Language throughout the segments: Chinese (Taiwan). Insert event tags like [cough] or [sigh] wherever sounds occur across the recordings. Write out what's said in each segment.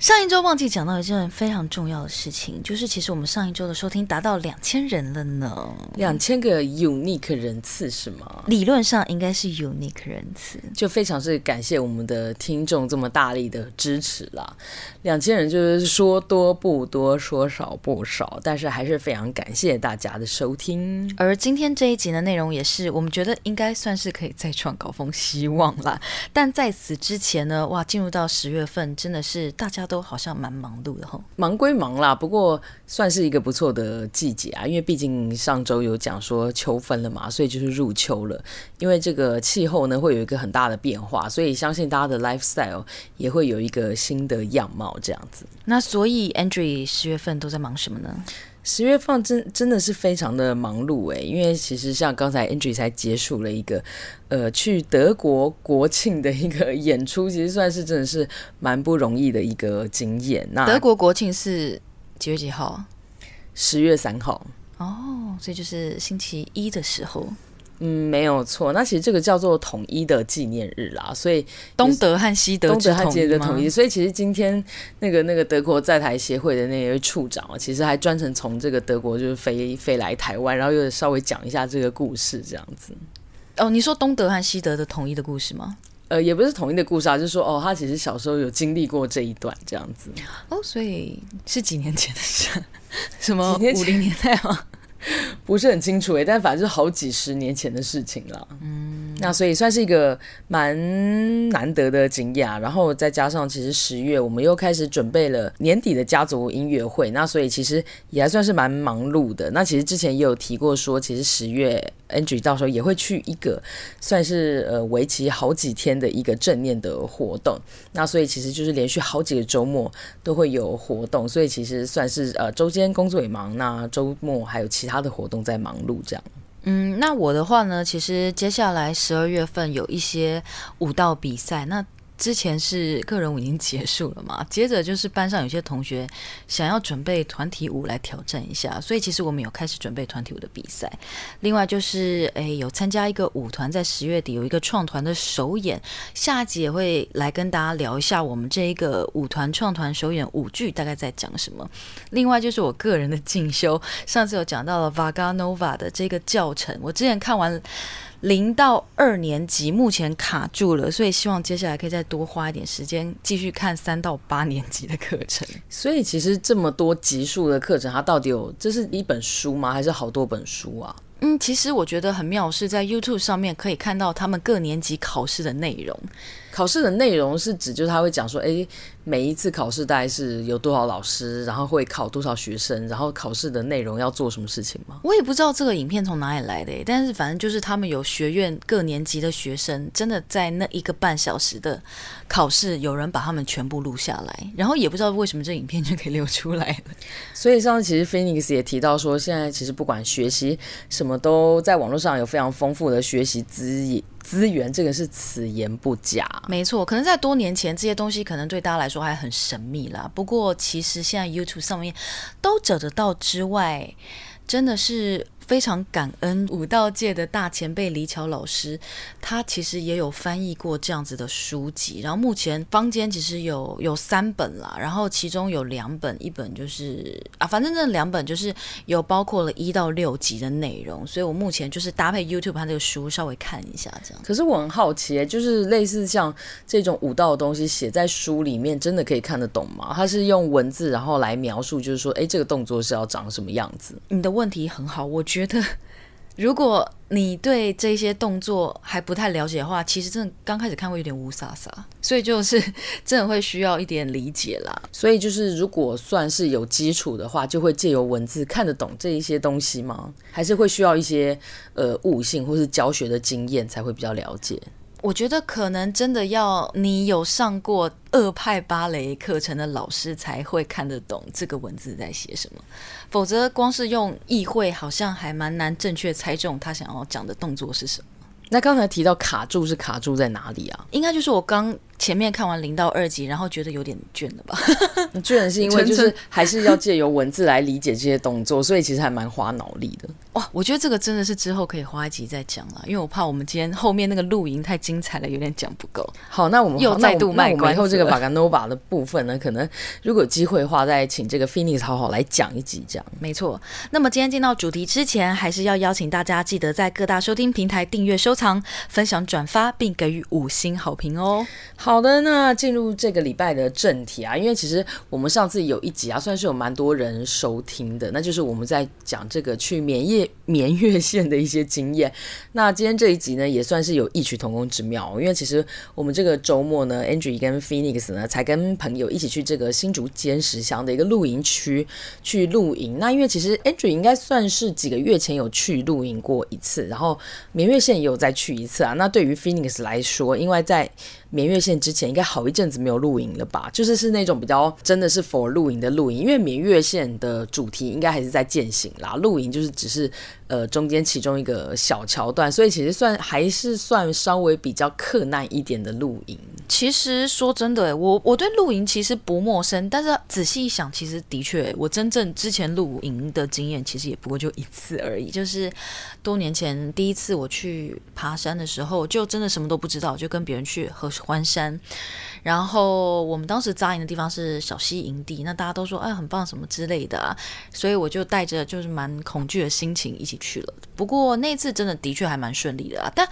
上一週忘記講到一件非常重要的事情，就是其實我們上一週的收聽達到兩千人了呢，兩千個 unique 人次是嗎？理論上應該是 unique 人次，就非常是感謝我們的聽眾這麼大力的支持啦。兩千人就是說多不多，說少不少，但是還是非常感謝大家的收聽。而今天這一集的內容也是我們覺得應該算是可以再創高峰希望啦，但在此之前呢，哇，進入到十月份真的是大家都。都好像蠻忙碌的吼，忙歸忙啦，不過算是一個不錯的季節啊，因為畢竟上周有講說秋分了嘛，所以就是入秋了。因為這個氣候呢，會有一個很大的變化，所以相信大家的 lifestyle 也會有一個新的樣貌這樣子。那所以 Andrew 十月份都在忙什麼呢？十月份真真的是非常的忙碌欸，因為其實像剛才 Andrew 才結束了一個，呃，去德國國慶的一個演出，其實算是真的是蠻不容易的一個經驗。那德國國慶是幾月幾號？十月三號。哦，所以就是星期一的時候。嗯，沒有錯。那其實這個叫做統一的紀念日啦，所以東德和西德。統一嗎？東德和西德的統一，所以其實今天那個那個德國在台協會的那位處長，其實還專程從這個德國就是飛飛來台灣，然後又稍微講一下這個故事這樣子。哦，你說東德和西德的統一的故事嗎？呃，也不是統一的故事啊，就是說，哦，他其實小時候有經歷過這一段這樣子。哦，所以是幾年前的事？什麼五零年代嗎？ [laughs] [laughs] 不是很清楚誒、欸，但反正是好幾十年前的事情了。嗯，那所以算是一個蠻難得的經驗，然後再加上其實十月我們又開始準備了年底的家族音樂會，那所以其實也還算是蠻忙碌的。那其實之前也有提過說，其實十月。Angie 到時候也會去一個，算是呃為期好幾天的一個正面的活動。那所以其實就是連續好幾個周末都會有活動，所以其實算是呃周間工作也忙，那周末還有其他的活動在忙碌這樣。嗯，那我的話呢，其實接下來十二月份有一些舞蹈比賽那。之前是個人舞已經結束了嘛，接着就是班上有些同學想要準備團體舞來挑戰一下，所以其實我們有開始準備團體舞的比賽。另外就是誒、欸、有參加一個舞團，在十月底有一個創團的首演，下一集也會來跟大家聊一下我們這一個舞團創團首演舞劇大概在講什麼。另外就是我個人的進修，上次有講到了 Vaganova 的這個教程，我之前看完。零到二年級目前卡住了，所以希望接下來可以再多花一點時間，繼續看三到八年級的課程。所以其實這麼多級數的課程，它到底有這是一本書嗎？還是好多本書啊？嗯，其實我覺得很妙，是在 YouTube 上面可以看到他們各年級考試的內容。考試的內容是指就是他會講說，哎、欸，每一次考試大概是有多少老師，然後會考多少學生，然後考試的內容要做什麼事情嗎？我也不知道這個影片從哪裡來的、欸，但是反正就是他們有學院各年級的學生，真的在那一個半小時的考試，有人把他們全部錄下來，然後也不知道為什麼這影片就可以流出來了。所以上次其實 Phoenix 也提到說，現在其實不管學習什麼，都在網絡上有非常豐富的學習資源。資源，這個是此言不假。沒錯，可能在多年前這些東西可能對大家來說還很神秘啦。不過其實現在 YouTube 上面都找得到之外，真的是。非常感恩武道界的大前輩李巧老師，他其實也有翻譯過這樣子的書籍。然後目前坊間其實有有三本啦，然後其中有兩本，一本就是啊，反正那兩本就是有包括了一到六集的內容。所以我目前就是搭配 YouTube 他這個書稍微看一下這樣。可是我很好奇欸，就是類似像這種武道的東西寫在書裡面，真的可以看得懂嗎？他是用文字然後來描述，就是說，欸，這個動作是要長什麼樣子？你的問題很好，我覺得。覺得，如果你對這些動作還不太了解的話，其實真的剛開始看會有點霧煞煞。所以就是真的會需要一點理解啦。所以就是，如果算是有基礎的話，就會借由文字看得懂這一些東西嗎？還是會需要一些呃悟性或是教學的經驗才會比較了解。我覺得可能真的要你有上過二派芭蕾課程的老師才會看得懂這個文字在寫什麼，否則光是用意會，好像還蠻難正確猜中他想要講的動作是什麼。那剛才提到卡住是卡住在哪裡啊？應該就是我剛前面看完零到二級，然後覺得有點倦了吧？ [laughs] 倦是因為就是還是要借由文字來理解這些動作， [laughs] 所以其實還蠻花腦力的。哇，我覺得這個真的是之後可以花一集再講了，因為我怕我們今天後面那個露營太精彩了，有點講不夠。好，那我們又再度賣關子。以後這個把個 n o 的部分呢，可能如果有機會的話，再請這個 f i n i s 好好來講一集這樣。沒錯。那麼今天進到主題之前，還是要邀請大家記得在各大收聽平台訂閱、收藏、分享、轉發，並給予五星好評哦。好。好的，那進入這個禮拜的正題啊，因為其實我們上次有一集啊，算是有蠻多人收聽的，那就是我們在講這個去眠月、眠月線的一些經驗。那今天這一集呢，也算是有異曲同工之妙，因為其實我們這個周末呢，Andrew 跟 Phoenix 呢，才跟朋友一起去這個新竹尖石鄉的一個露營區去露營。那因為其實 Andrew 應該算是幾個月前有去露營過一次，然後眠月線也有再去一次啊。那對於 Phoenix 來說，因為在眠月線之前應該好一陣子沒有露營了吧？就是是那種比較真的是否露營的露營，因為眠月線的主題應該還是在健行啦，露營就是只是呃中間其中一個小橋段，所以其實算還是算稍微比較克難一點的露營。其實說真的、欸，我我對露營其實不陌生，但是仔細一想，其實的確、欸、我真正之前露營的經驗其實也不過就一次而已，就是多年前第一次我去爬山的時候，就真的什麼都不知道，就跟別人去喝水。歡山，然後我們當時扎營的地方是小溪營地，那大家都說哎很棒什麼之類的、啊，所以我就帶着就是蠻恐懼的心情一起去了。不過那次真的的確還蠻順利的啊，但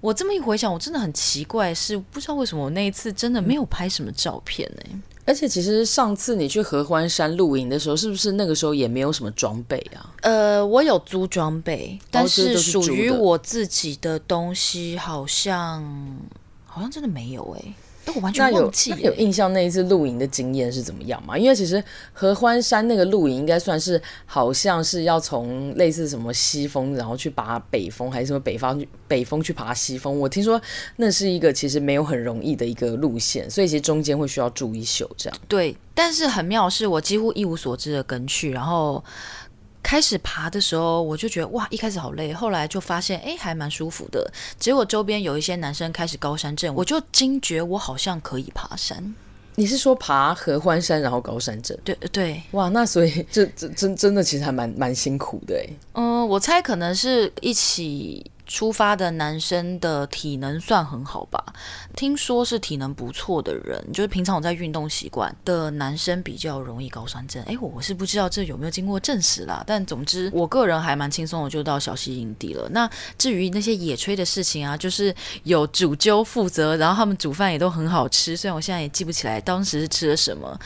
我這麼一回想，我真的很奇怪，是不知道為什麼我那一次真的沒有拍什麼照片呢、欸？而且其實上次你去合歡山露營的時候，是不是那個時候也沒有什麼裝備啊？呃，我有租裝備，但是屬於我自己的東西好像。好像真的沒有哎、欸，但我完全，欸，有有印象那一次露營的經驗是怎麼樣嘛。因為其實合歡山那個露營應該算是好像是要從類似什麼西峰，然後去爬北峰，還是什麼北方北峰去爬西峰。我聽說那是一個其實沒有很容易的一個路線，所以其實中間會需要住一宿這樣。對，但是很妙是我幾乎一無所知的跟去，然後。開始爬的時候，我就覺得哇，一開始好累，後來就發現哎、欸，還蠻舒服的。結果周邊有一些男生開始高山症，我就驚覺我好像可以爬山。你是說爬合歡山然後高山症？對對，哇，那所以這真真真的其實還蠻蠻辛苦的誒，嗯、呃，我猜可能是一起。出發的男生的體能算很好吧，聽說是體能不錯的人，就是平常我在運動習慣的男生比較容易高酸症。哎，我是不知道這有沒有經過證實啦，但總之我個人還蠻輕鬆的，就到小溪營地了。那至於那些野炊的事情啊，就是有主揪負責，然後他們煮飯也都很好吃，雖然我現在也記不起來當時是吃了什麼。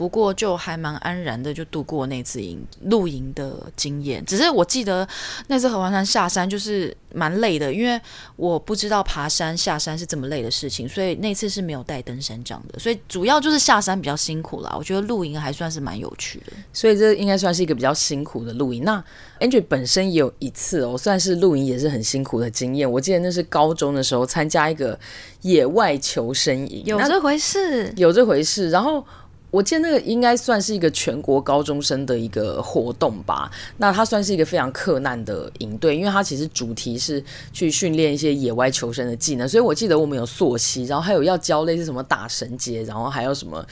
不過就還蠻安然的，就度過那次營露營的經驗。只是我記得那次合歡山下山就是蠻累的，因為我不知道爬山下山是這麼累的事情，所以那次是沒有帶登山杖的。所以主要就是下山比較辛苦啦。我覺得露營還算是蠻有趣的，所以這應該算是一個比較辛苦的露營。那 Andrew 本身也有一次哦，算是露營也是很辛苦的經驗。我記得那是高中的時候參加一個野外求生營，有這回事？有這回事。然後。我記得那個應該算是一個全國高中生的一個活動吧。那它算是一個非常困難的營隊，因為它其實主題是去訓練一些野外求生的技能。所以我記得我們有溯溪，然後還有要教類似什麼打繩結，然後還有什麼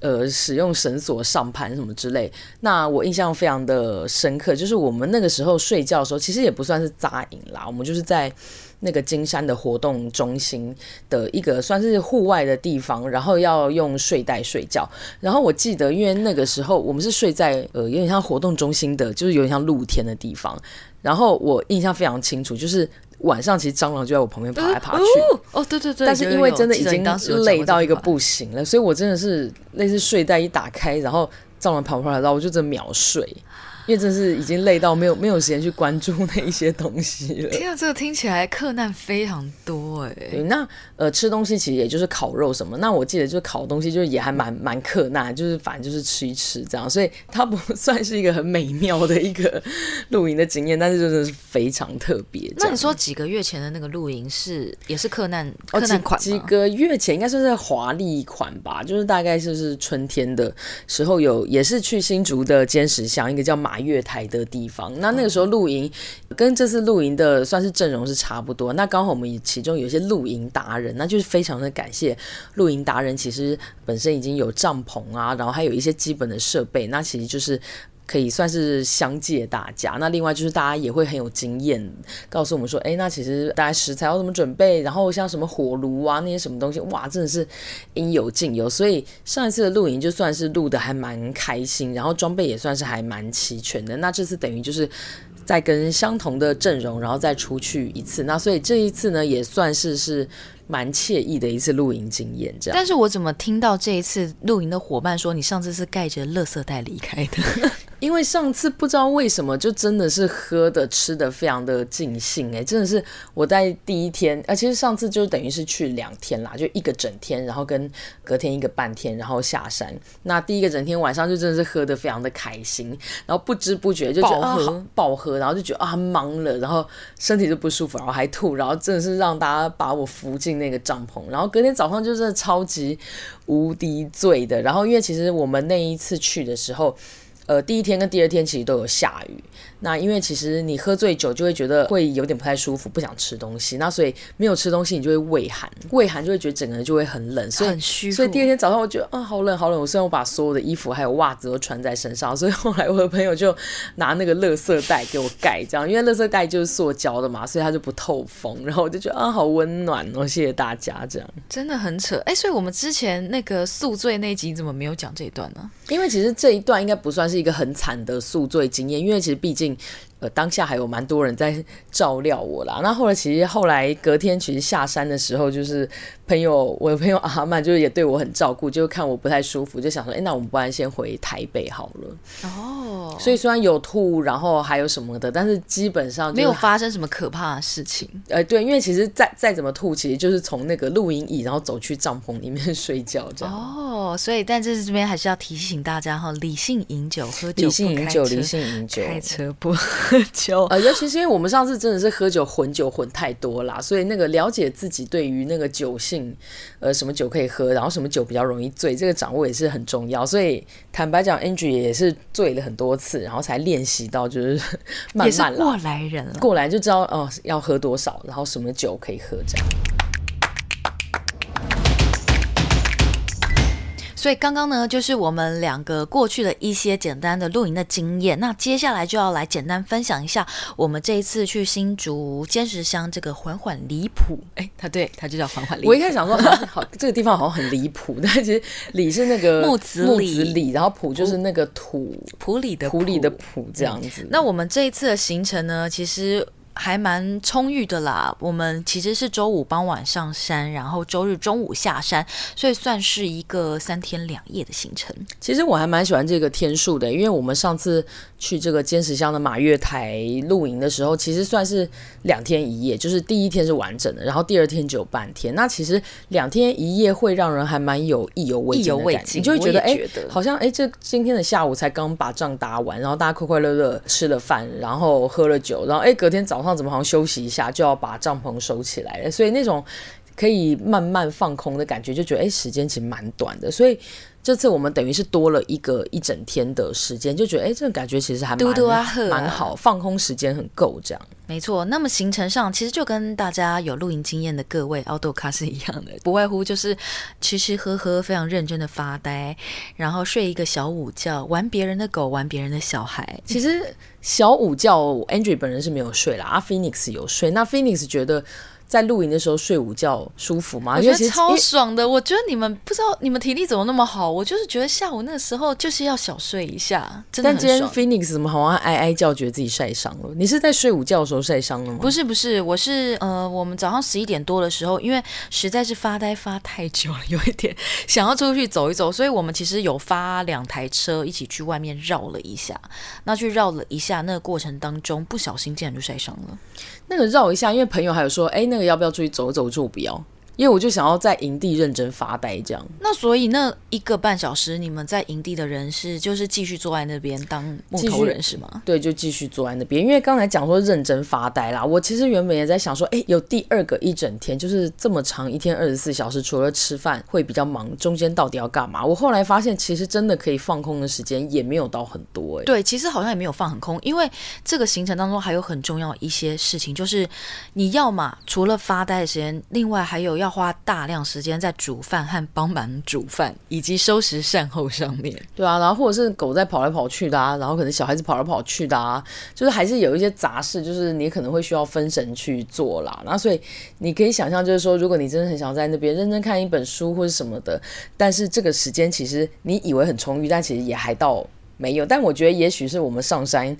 呃使用繩索上攀什麼之類。那我印象非常的深刻，就是我們那個時候睡覺的時候，其實也不算是紮營啦，我們就是在。那個金山的活動中心的一個算是戶外的地方，然後要用睡袋睡覺。然後我記得，因為那個時候我們是睡在呃有點像活動中心的，就是有點像露天的地方。然後我印象非常清楚，就是晚上其實蟑螂就在我旁邊爬來爬去，嗯哦。哦，對對對。但是因為真的已經累到一個不行了，所以我真的是，那次睡袋一打開，然後蟑螂跑出來，然後我就真的秒睡。因為真是已經累到沒有沒有時間去關注那一些東西了。聽到、啊、這個聽起來克難非常多哎、欸。對，那呃吃東西其實也就是烤肉什麼。那我記得就是烤東西就是也還蠻蠻、嗯、克難，就是反正就是吃一吃這樣。所以它不算是一個很美妙的一個露營的經驗， [laughs] 但是就真的是非常特別。那你說幾個月前的那個露營是也是克難克難款、哦幾？幾個月前應該算是華麗款吧，就是大概就是春天的時候有也是去新竹的尖石鄉一個叫馬。月台的地方，那那個時候露營跟這次露營的算是陣容是差不多。那剛好我們其中有一些露營達人，那就是非常的感謝露營達人，其實本身已經有帳篷啊，然後還有一些基本的設備，那其實就是。可以算是相借大家。那另外就是大家也會很有經驗，告訴我們說，哎、欸，那其實大家食材要怎麼準備，然後像什麼火爐啊那些什麼東西，哇，真的是應有盡有。所以上一次的露營就算是錄得還蠻開心，然後裝備也算是還蠻齊全的。那這次等於就是再跟相同的陣容，然後再出去一次。那所以這一次呢，也算是是蠻愜意的一次露營經驗，這樣。但是我怎麼聽到這一次露營的夥伴說，你上次是蓋着垃圾袋離開的？ [laughs] 因為上次不知道為什麼就真的是喝的吃的非常的盡興哎、欸，真的是我在第一天啊，其實上次就等於是去兩天啦，就一個整天，然後跟隔天一個半天，然後下山。那第一個整天晚上就真的是喝得非常的開心，然後不知不覺就覺得飽喝、啊，飽喝，然後就覺得啊茫了，然後身體就不舒服，然後還吐，然後真的是讓大家把我扶進那個帳篷，然後隔天早上就是超級無敵醉的。然後因為其實我們那一次去的時候。呃，第一天跟第二天其實都有下雨。那因為其實你喝醉酒就會覺得會有點不太舒服，不想吃東西。那所以沒有吃東西，你就會胃寒，胃寒就會覺得整個人就會很冷。所以很虛，所以第二天早上我覺得啊，好冷好冷。我雖然我把所有的衣服還有襪子都穿在身上，所以後來我的朋友就拿那個樂色袋給我蓋這樣，因為樂色袋就是塑膠的嘛，所以它就不透風。然後我就覺得啊，好溫暖哦，謝謝大家這樣。真的很扯哎、欸，所以我們之前那個宿醉那集你怎麼沒有講這一段呢？因為其實這一段應該不算是。是一個很慘的宿醉經驗，因為其實畢竟。呃，當下還有蠻多人在照料我啦。那後來其實後來隔天其實下山的時候，就是朋友我的朋友阿曼就是也對我很照顧，就看我不太舒服，就想說，哎、欸，那我們不然先回台北好了。哦。所以雖然有吐，然後還有什麼的，但是基本上、就是、沒有發生什麼可怕的事情。呃，對，因為其實再再怎麼吐，其實就是從那個露營椅，然後走去帳篷裡面睡覺這樣。哦。所以，但這是這邊還是要提醒大家哈、哦，理性飲酒，喝酒不開車，理性飲酒，開車不。喝酒啊，尤其是因為我們上次真的是喝酒混酒混太多啦。所以那個了解自己對於那個酒性，呃，什麼酒可以喝，然後什麼酒比較容易醉，這個掌握也是很重要。所以坦白講，Angie 也是醉了很多次，然後才練習到就是呵呵慢慢了過來人了，過來就知道哦、呃、要喝多少，然後什麼酒可以喝這樣。所以剛剛呢，就是我們兩個過去的一些簡單的露營的經驗。那接下來就要來簡單分享一下我們這一次去新竹尖石鄉這個緩緩李埔。哎，他對他就叫緩緩李埔。我一開始想說，好，好這個地方好像很離譜， [laughs] 但其實李是那個木子李，木子李然後埔就是那個土，埔里的埔，埔里的埔這樣子。那我們這一次的行程呢，其實。還蠻充裕的啦。我們其實是週五傍晚上山，然後週日中午下山，所以算是一個三天兩夜的行程。其實我還蠻喜歡這個天數的，欸，因為我們上次去這個尖石鄉的馬月台露營的時候，其實算是兩天一夜，就是第一天是完整的，然後第二天只有半天。那其實兩天一夜會讓人還蠻有意猶未盡的感覺，你就會覺得哎，欸，好像哎，、這、欸、今天的下午才剛把帳打完，然後大家快快樂樂吃了飯，然後喝了酒，然後哎，欸，隔天早上。那怎麼好像休息一下就要把帳篷收起來了，所以那種可以慢慢放空的感覺，就覺得、欸、時間其實蠻短的，所以。這次我們等於是多了一個一整天的時間，就覺得哎，這種、個、感覺其實還蠻多多好、啊、蠻好，放空時間很夠這樣。沒錯，那麼行程上其實就跟大家有露營經驗的各位凹豆咖是一樣的，不外乎就是吃吃喝喝，非常認真的發呆，然後睡一個小午覺，玩別人的狗，玩別人的小孩。其實小午覺，Andrew 本人是沒有睡啦，阿、 [laughs] 啊、Phoenix 有睡。那 Phoenix 覺得。在露營的時候睡午覺舒服嗎？我覺得超爽的、欸。我覺得你們不知道你們體力怎麼那麼好，我就是覺得下午那個時候就是要小睡一下，真的很爽。但今天 Phoenix 怎麼好像哀哀叫，覺得自己曬傷了？你是在睡午覺的時候曬傷了嗎？不是不是，我是呃，我們早上十一點多的時候，因為實在是發呆發太久了，有一點想要出去走一走，所以我們其實有發兩台車一起去外面繞了一下。那去繞了一下，那個過程當中不小心竟然就曬傷了。那個繞一下，因為朋友還有說，哎、欸，那個要不要出去走走？我說我不要。因為我就想要在營地認真發呆，這樣。那所以那一個半小時，你們在營地的人是就是繼續坐在那邊當木頭人是嗎？對，就繼續坐在那邊。因為剛才講說認真發呆啦，我其實原本也在想說，哎，有第二個一整天就是這麼長，一天二十四小時，除了吃飯會比較忙，中間到底要幹嘛？我後來發現其實真的可以放空的時間也沒有到很多哎、欸。對，其實好像也沒有放很空，因為這個行程當中還有很重要一些事情，就是你要嘛除了發呆的時間，另外還有要。要花大量時間在煮飯和幫忙煮飯，以及收拾善後上面。對啊，然後或者是狗在跑來跑去的啊，然後可能小孩子跑來跑去的啊，就是還是有一些雜事，就是你可能會需要分神去做啦。那所以你可以想象，就是說，如果你真的很想要在那邊認真看一本書或者什麼的，但是這個時間其實你以為很充裕，但其實也還到沒有。但我覺得也許是我們上山。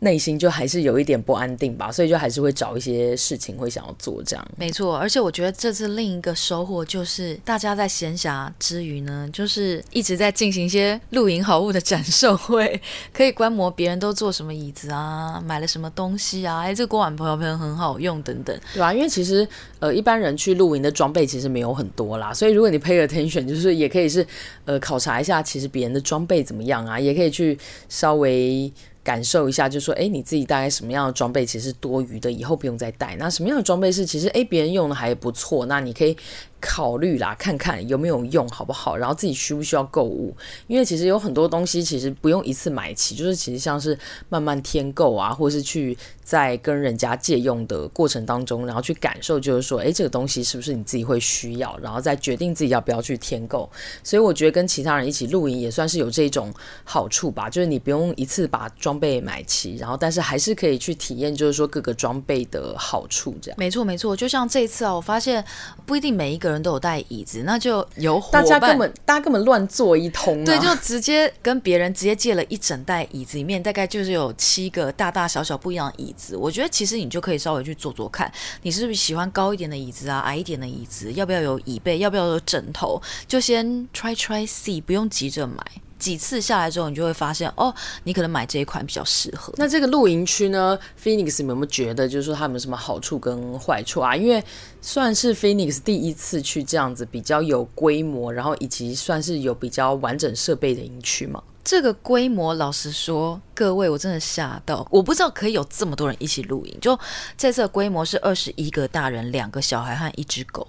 內心就還是有一點不安定吧，所以就還是會找一些事情會想要做這樣。沒錯，而且我覺得這次另一個收穫就是大家在閒暇之餘呢，就是一直在進行一些露營好物的展售會，可以觀摩別人都坐什麼椅子啊，買了什麼東西啊，哎、欸，這個鍋碗瓢盆很好用等等，對吧、啊？因為其實呃，一般人去露營的裝備其實沒有很多啦，所以如果你 pay attention，就是也可以是呃考察一下，其實別人的裝備怎麼樣啊，也可以去稍微。感受一下就，就說哎，你自己大概什麼樣的裝備其實是多餘的，以後不用再帶。那什麼樣的裝備是其實哎別人用的還不錯，那你可以。考慮啦，看看有沒有用好不好，然後自己需不需要購物？因為其實有很多東西其實不用一次買齊，就是其實像是慢慢添購啊，或是去在跟人家借用的過程當中，然後去感受，就是說，哎，這個東西是不是你自己會需要，然後再決定自己要不要去添購。所以我覺得跟其他人一起露營也算是有這種好處吧，就是你不用一次把裝備買齊，然後但是還是可以去體驗，就是說各個裝備的好處這樣。沒錯沒錯，就像這一次啊，我發現不一定每一個。個人都有帶椅子，那就有夥伴，大家根本，大家根本亂坐一通，對，就直接跟別人直接借了一整袋椅子，裡面 [laughs] 大概就是有七個大大小小不一樣的椅子。我覺得其實你就可以稍微去坐坐看，你是不是喜歡高一點的椅子啊，矮一點的椅子，要不要有椅背，要不要有枕頭，就先 try try see，不用急着買。幾次下來之後，你就會發現哦，你可能買這一款比較適合。那這個露營區呢，Phoenix，你們有沒有覺得就是說它有沒有什麼好處跟壞處啊？因為算是 Phoenix 第一次去這樣子比較有規模，然後以及算是有比較完整設備的營區嘛。這個規模老實說，各位，我真的嚇到，我不知道可以有這麼多人一起露營。就這次的規模是二十一個大人、兩個小孩和一隻狗。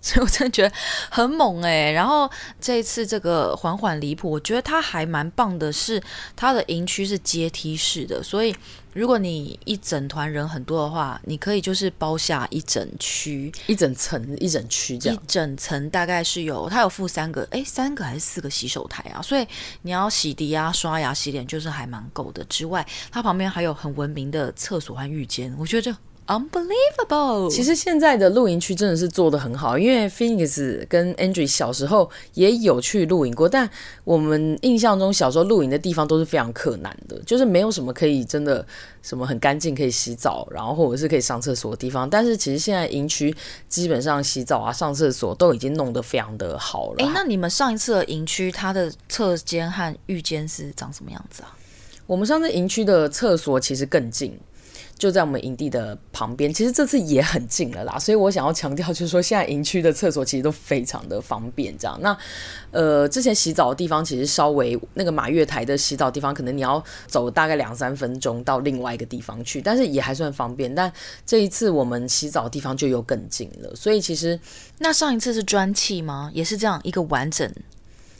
所以我真的覺得很猛哎、欸，然後這一次這個緩緩李埔，我覺得它還蠻棒的，是它的營區是階梯式的，所以如果你一整團人很多的話，你可以就是包下一整區、一整層、一整區這樣。一整層大概是有它有附三個哎、欸，三個還是四個洗手台啊？所以你要洗滌啊、刷牙、洗臉，就是還蠻夠的。之外，它旁邊還有很文明的廁所和浴間，我覺得這 Unbelievable！其實現在的露營區真的是做得很好，因為 Phoenix 跟 Andrew 小時候也有去露營過，但我們印象中小時候露營的地方都是非常克難的，就是沒有什麼可以真的什麼很乾淨可以洗澡，然後或者是可以上廁所的地方。但是其實現在營區基本上洗澡啊、上廁所都已經弄得非常的好了。欸、那你們上一次的營區，它的廁間和浴間是長什麼樣子啊？我們上次營區的廁所其實更近。就在我們營地的旁邊，其實這次也很近了啦。所以我想要強調，就是說現在營區的廁所其實都非常的方便，這樣。那，呃，之前洗澡的地方其實稍微那個馬月台的洗澡的地方，可能你要走大概兩三分鐘到另外一個地方去，但是也還算方便。但這一次我們洗澡的地方就又更近了，所以其實那上一次是磚砌嗎？也是這樣一個完整。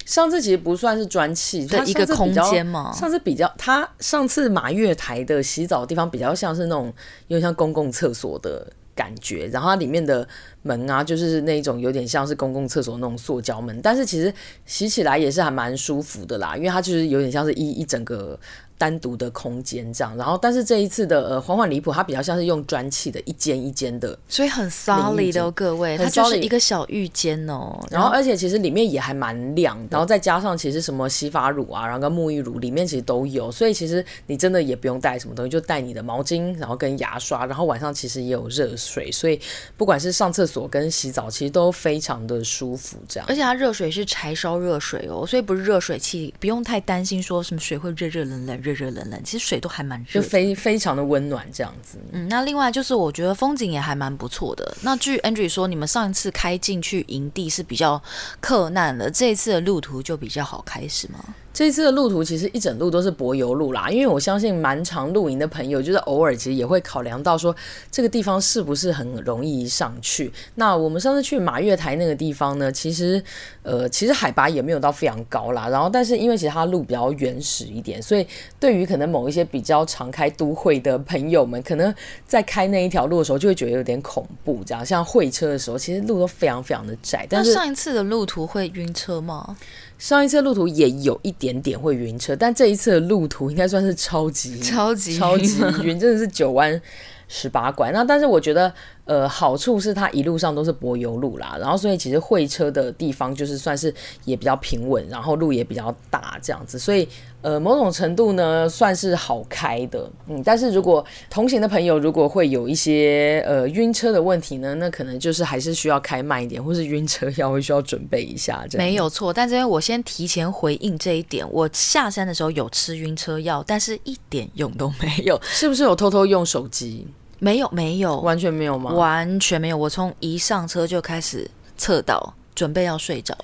上次其實不算是磚砌它，一個空間嘛。上次比較，它上次馬月台的洗澡的地方比較像是那種，有點像公共廁所的感覺。然後它裡面的門啊，就是那種有點像是公共廁所那種塑膠門。但是其實洗起來也是還蠻舒服的啦，因為它就是有點像是一一整個。單獨的空間這樣，然後但是這一次的呃緩緩李埔、緩緩它比較像是用磚砌的，一間一間的，所以很 solid 哦，各位，它就是一個小浴間哦。然後而且其實裡面也還蠻亮，然後再加上其實什麼洗髮乳啊，然後跟沐浴乳裡面其實都有，所以其實你真的也不用帶什麼東西，就帶你的毛巾，然後跟牙刷，然後晚上其實也有熱水，所以不管是上廁所跟洗澡，其實都非常的舒服這樣。而且它熱水是柴燒熱水哦，所以不是熱水器，不用太擔心說什麼水會熱熱冷冷冷，熱熱冷冷，其實水都還蠻熱，就非非常的溫暖這樣子。嗯，那另外就是我覺得風景也還蠻不錯的。那據 Andrew 說，你們上一次開進去營地是比較困難的，這一次的路途就比較好開始嗎？這次的路途其實一整路都是柏油路啦，因為我相信蠻常露營的朋友，就是偶爾其實也會考量到說，這個地方是不是很容易上去。那我們上次去馬月台那個地方呢，其實呃，其實海拔也沒有到非常高啦，然後但是因為其實它路比較原始一點，所以對於可能某一些比較常開都會的朋友們，可能在開那一條路的時候就會覺得有點恐怖，這樣，像會車的時候，其實路都非常非常的窄。但是上一次的路途會暈車嗎？上一次路途也有一點點會暈車，但這一次的路途應該算是超級超級超級暈，級 [laughs] 真的是九彎十八拐。那但是我覺得。呃，好處是它一路上都是柏油路啦，然後所以其實會車的地方就是算是也比較平穩，然後路也比較大這樣子，所以呃某種程度呢算是好開的，嗯，但是如果同行的朋友如果會有一些呃暈車的問題呢，那可能就是還是需要開慢一點，或是暈車藥會需要準備一下這樣。沒有錯，但這邊我先提前回應這一點，我下山的時候有吃暈車藥，但是一點用都沒有， [laughs] 是不是有偷偷用手機？沒有沒有，完全沒有嗎？完全沒有。我從一上車就開始側倒，準備要睡着，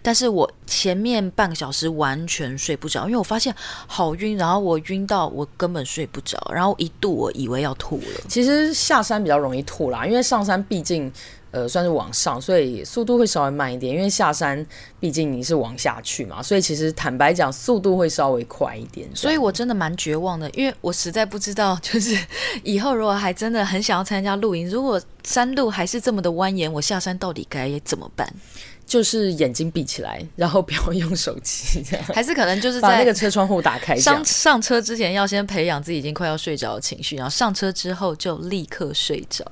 但是我前面半個小時完全睡不着，因為我發現好暈，然後我暈到我根本睡不着，然後一度我以為要吐了。其實下山比較容易吐啦，因為上山畢竟。呃，算是往上，所以速度會稍微慢一點，因為下山畢竟你是往下去嘛，所以其實坦白講，速度會稍微快一點。所以我真的蠻絕望的，因為我實在不知道，就是以後如果還真的很想要參加露營，如果山路還是這麼的蜿蜒，我下山到底該怎麼辦？就是眼睛閉起來，然後不要用手機，這樣還是可能就是在把那個車窗戶打開， [laughs] 上上車之前要先培養自己已經快要睡着的情緒，然後上車之後就立刻睡着。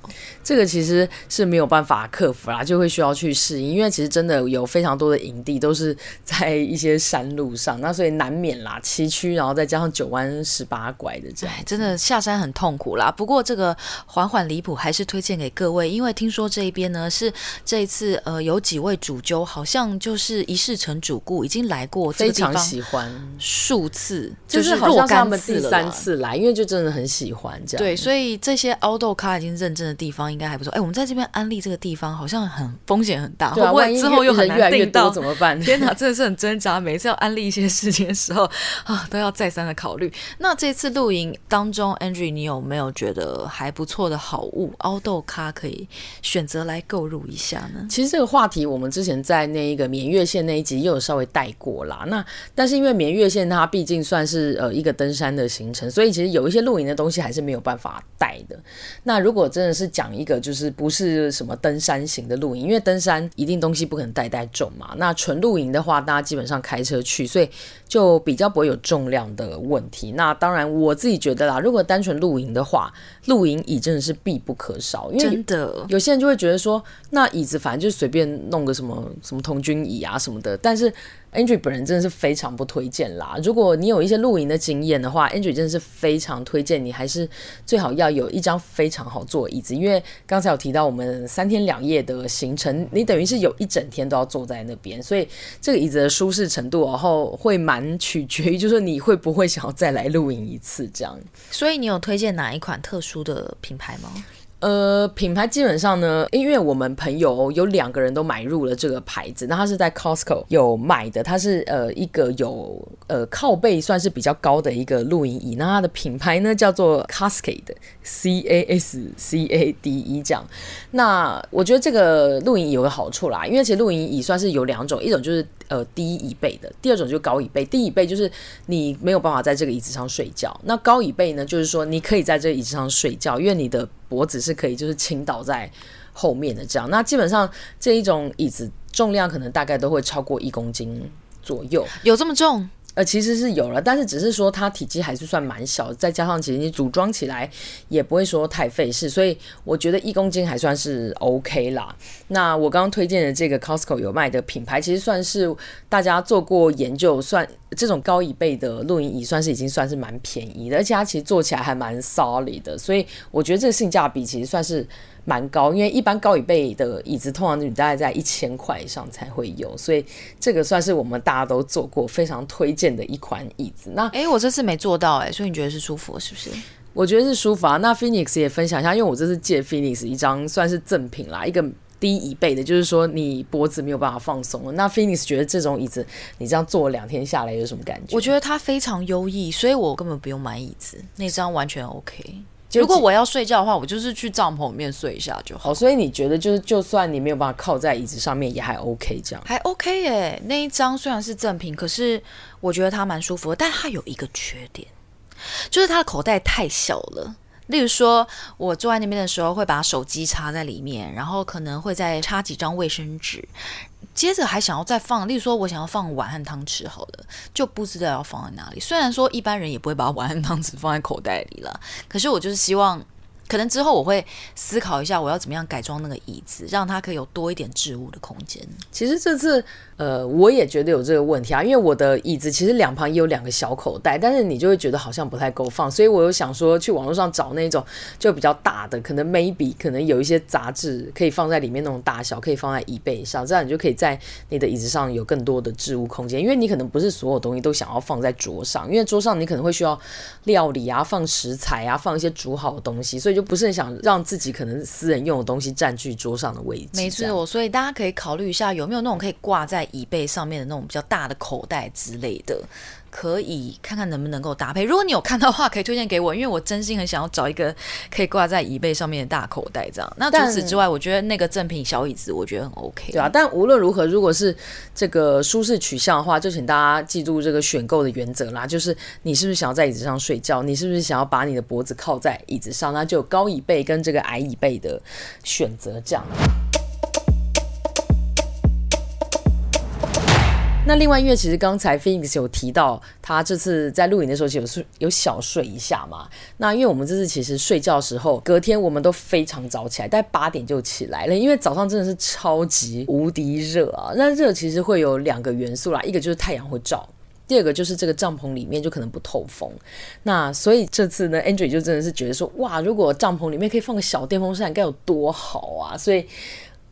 這個其實是沒有辦法克服啦，就會需要去適應，因為其實真的有非常多的營地都是在一些山路上，那所以難免啦崎嶇，然後再加上九彎十八拐的這樣、哎，真的下山很痛苦啦。不過這個緩緩李埔還是推薦給各位，因為聽說這一邊呢是這一次呃有幾位主角主揪。有好像就是一試成主顧，已經來過非常喜歡數次，就是好像是他們第三次來，嗯，因為就真的很喜歡這樣。對，所以這些凹豆咖已經認證的地方應該還不錯。哎、欸，我們在這邊安利這個地方好像很風險很大，啊、萬一之後又很難訂到越來越多怎麼辦？天哪、啊，真的是很掙扎。每一次要安利一些事情的時候啊，都要再三的考慮。那這次露營當中，Angie，你有沒有覺得還不錯的好物凹豆咖可以選擇來購入一下呢？其實這個話題我們之前。在那一個眠月線那一集又有稍微帶過啦。那但是因為眠月線它畢竟算是呃一個登山的行程，所以其實有一些露營的東西還是沒有辦法帶的。那如果真的是講一個就是不是什麼登山型的露營，因為登山一定東西不可能帶帶重嘛。那純露營的話，大家基本上開車去，所以就比較不會有重量的問題。那當然我自己覺得啦，如果單純露營的話，露營椅真的是必不可少。因為有些人就會覺得說，那椅子反正就是隨便弄個什麼。什麼童軍椅啊什麼的，但是 Andrew 本人真的是非常不推薦啦。如果你有一些露營的經驗的話，Andrew 真的是非常推薦你，還是最好要有一張非常好坐的椅子，因為剛才有提到我們三天兩夜的行程，你等於是有一整天都要坐在那邊，所以這個椅子的舒適程度然後會蠻取決於，就是你會不會想要再來露營一次這樣。所以你有推薦哪一款特殊的品牌嗎？呃，品牌基本上呢，欸，因為我們朋友有兩個人都買入了這個牌子，那他是在 Costco 有買的，它是呃一個有呃靠背算是比較高的一個露營椅，那它的品牌呢叫做 Cascade，C A S C A D E 這樣。那我覺得這個露營椅有個好處啦，因為其實露營椅算是有兩種，一種就是。呃，低椅背的第二種就是高椅背，低椅背就是你沒有辦法在這個椅子上睡覺，那高椅背呢，就是說你可以在這個椅子上睡覺，因為你的脖子是可以就是傾倒在後面的這樣。那基本上這一種椅子重量可能大概都會超過一公斤左右，有這麼重？其實是有了，但是只是說它體積還是算蠻小，再加上其實你組裝起來也不會說太費事，所以我覺得一公斤還算是 OK 啦。那我剛剛推薦的這個 Costco 有賣的品牌，其實算是大家做過研究，算這種高椅背的露營椅，算是已經算是蠻便宜的，而且它其實做起來還蠻 solid 的，所以我覺得這個性價比其實算是。蠻高，因為一般高一倍的椅子，通常你大概在一千塊以上才會有，所以這個算是我們大家都做過非常推薦的一款椅子。那誒，我這次沒做到誒，所以你覺得是舒服是不是？我覺得是舒服啊。那 Phoenix 也分享一下，因為我這次借 Phoenix 一張，算是贈品啦，一個低椅背的，就是說你脖子沒有辦法放鬆了。那 Phoenix 覺得這種椅子，你這樣坐兩天下來有什麼感覺？我覺得它非常優異，所以我根本不用買椅子，那張完全 OK。如果我要睡覺的話，我就是去帳篷裡面睡一下就好。好、哦，所以你覺得就是，就算你沒有辦法靠在椅子上面，也還 OK 這樣？還 OK 耶、欸，那一張雖然是贈品，可是我覺得它蠻舒服的。但它有一個缺點，就是它的口袋太小了。例如說，我坐在那邊的時候，會把手機插在裡面，然後可能會再插幾張衛生紙，接着還想要再放，例如說，我想要放碗和湯匙，好了，就不知道要放在哪裡。雖然說一般人也不會把碗和湯匙放在口袋裡了，可是我就是希望，可能之後我會思考一下，我要怎麼樣改裝那個椅子，讓它可以有多一點置物的空間。其實這次。呃，我也覺得有這個問題啊，因為我的椅子其實兩旁也有兩個小口袋，但是你就會覺得好像不太夠放，所以我有想說去網絡上找那種就比較大的，可能 maybe 可能有一些雜誌可以放在裡面那種大小，可以放在椅背上，這樣你就可以在你的椅子上有更多的置物空間，因為你可能不是所有東西都想要放在桌上，因為桌上你可能會需要料理啊，放食材啊，放一些煮好的東西，所以就不是很想讓自己可能私人用的東西佔據桌上的位置。沒錯，所以大家可以考慮一下有沒有那種可以掛在椅。椅背上面的那種比較大的口袋之類的，可以看看能不能夠搭配。如果你有看到的話，可以推薦給我，因為我真心很想要找一個可以掛在椅背上面的大口袋這樣。那除此之外，我覺得那個贈品小椅子我覺得很 OK。對啊，但無論如何，如果是這個舒適取向的話，就請大家記住這個選購的原則啦，就是你是不是想要在椅子上睡覺，你是不是想要把你的脖子靠在椅子上，那就有高椅背跟這個矮椅背的選擇這樣。那另外，因為其實剛才 Phoenix 有提到，他這次在錄影的時候其實有睡有小睡一下嘛？那因為我們這次其實睡覺的時候，隔天我們都非常早起來，大概八點就起來了。因為早上真的是超級無敵熱啊！那熱其實會有兩個元素啦，一個就是太陽會照，第二個就是這個帳篷裡面就可能不透風。那所以這次呢，Andrew 就真的是覺得說，哇，如果帳篷裡面可以放個小電風扇，該有多好啊！所以。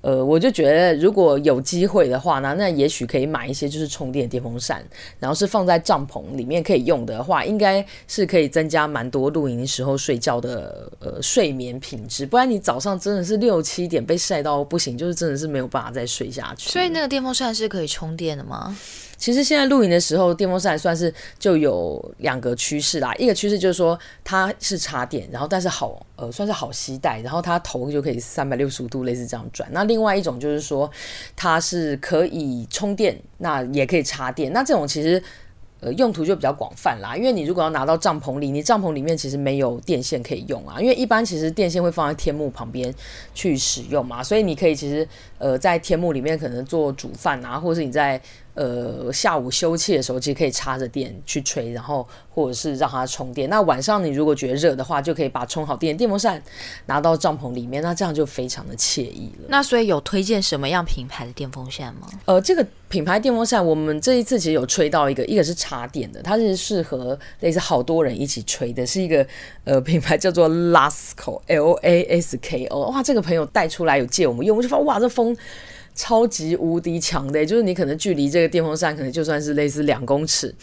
呃，我就覺得如果有機會的話呢，那也許可以買一些就是充電的電風扇，然後是放在帳篷裡面可以用的話，應該是可以增加蠻多露營時候睡覺的呃睡眠品質。不然你早上真的是六七點被曬到不行，就是真的是沒有辦法再睡下去。所以那個電風扇是可以充電的嗎？其實現在露營的時候，電風扇還算是就有兩個趨勢啦。一個趨勢就是說它是插電，然後但是好呃算是好攜帶，然後它頭就可以三百六十度類似這樣轉。那另外一種就是說它是可以充電，那也可以插電。那這種其實呃用途就比較廣泛啦，因為你如果要拿到帳篷裡，你帳篷裡面其實沒有電線可以用啊。因為一般其實電線會放在天幕旁邊去使用嘛，所以你可以其實呃在天幕裡面可能做煮飯啊，或者是你在。呃，下午休息的時候，其實可以插着電去吹，然後或者是讓它充電。那晚上你如果覺得熱的話，就可以把充好電電風扇拿到帳篷裡面，那這樣就非常的愜意了。那所以有推薦什麼樣品牌的電風扇嗎？呃，這個品牌電風扇，我們這一次其實有吹到一個，一個是插電的，它是適合類似好多人一起吹的，是一個呃品牌叫做 Lasko L A S K O。哇，這個朋友帶出來有借我們用，我們就發現哇，這風。超級無敵強的欸，就是你可能距離這個電風扇，可能就算是類似兩公尺，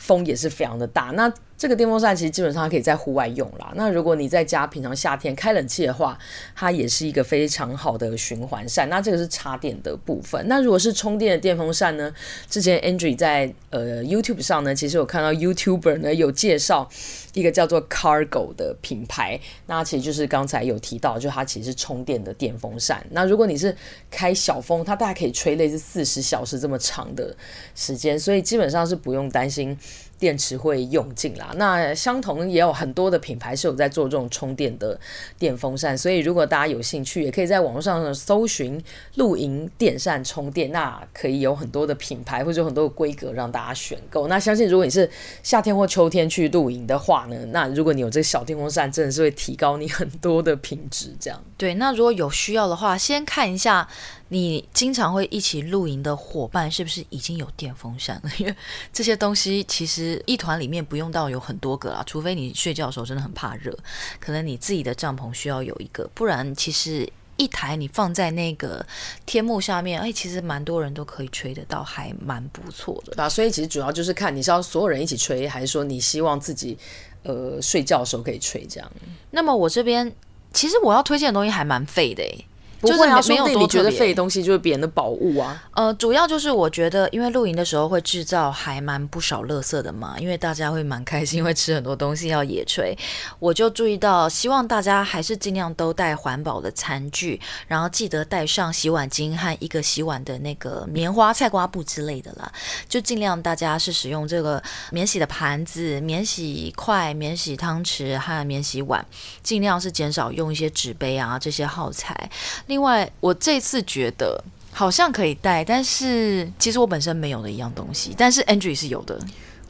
風也是非常的大。那這個電風扇其實基本上可以在戶外用啦。那如果你在家平常夏天開冷氣的話，它也是一個非常好的循環扇。那這個是插電的部分。那如果是充電的電風扇呢？之前 Andrew 在呃 YouTube 上呢，其實我看到 YouTuber 呢有介紹一個叫做 Cargo 的品牌。那其實就是剛才有提到，就它其實是充電的電風扇。那如果你是開小風，它大概可以吹類似四十小時這麼長的時間，所以基本上是不用擔心。電池會用盡啦。那相同也有很多的品牌是有在做這種充電的電風扇，所以如果大家有興趣，也可以在網絡上搜尋露營電扇充電，那可以有很多的品牌或者很多的規格讓大家選購。那相信如果你是夏天或秋天去露營的話呢，那如果你有這個小電風扇，真的是會提高你很多的品質。這樣對。那如果有需要的話，先看一下。你經常會一起露營的夥伴是不是已經有電風扇了？因為這些東西其實一團裡面不用到有很多個啦，除非你睡覺的時候真的很怕熱，可能你自己的帳篷需要有一個，不然其實一台你放在那個天幕下面，哎、欸，其實蠻多人都可以吹得到，還蠻不錯的那、啊、所以其實主要就是看你是要所有人一起吹，還是說你希望自己呃睡覺的時候可以吹這樣。那麼我這邊其實我要推薦的東西還蠻廢的、欸不會啊，兄弟，你覺得廢東西就是別人的寶物啊？就是、呃，主要就是我覺得，因為露營的時候會製造還蠻不少垃圾的嘛，因為大家會蠻開心，會吃很多東西，要野炊，我就注意到，希望大家還是盡量都帶環保的餐具，然後記得帶上洗碗，洗碗巾和一個洗碗的那個棉花菜瓜布之類的啦。就盡量大家是使用這個免洗的盤子、免洗筷、免洗湯匙和免洗碗，盡量是減少用一些紙杯啊這些耗材。另外，我這次覺得好像可以帶，但是其實我本身沒有的一樣東西，但是 Andrew 是有的。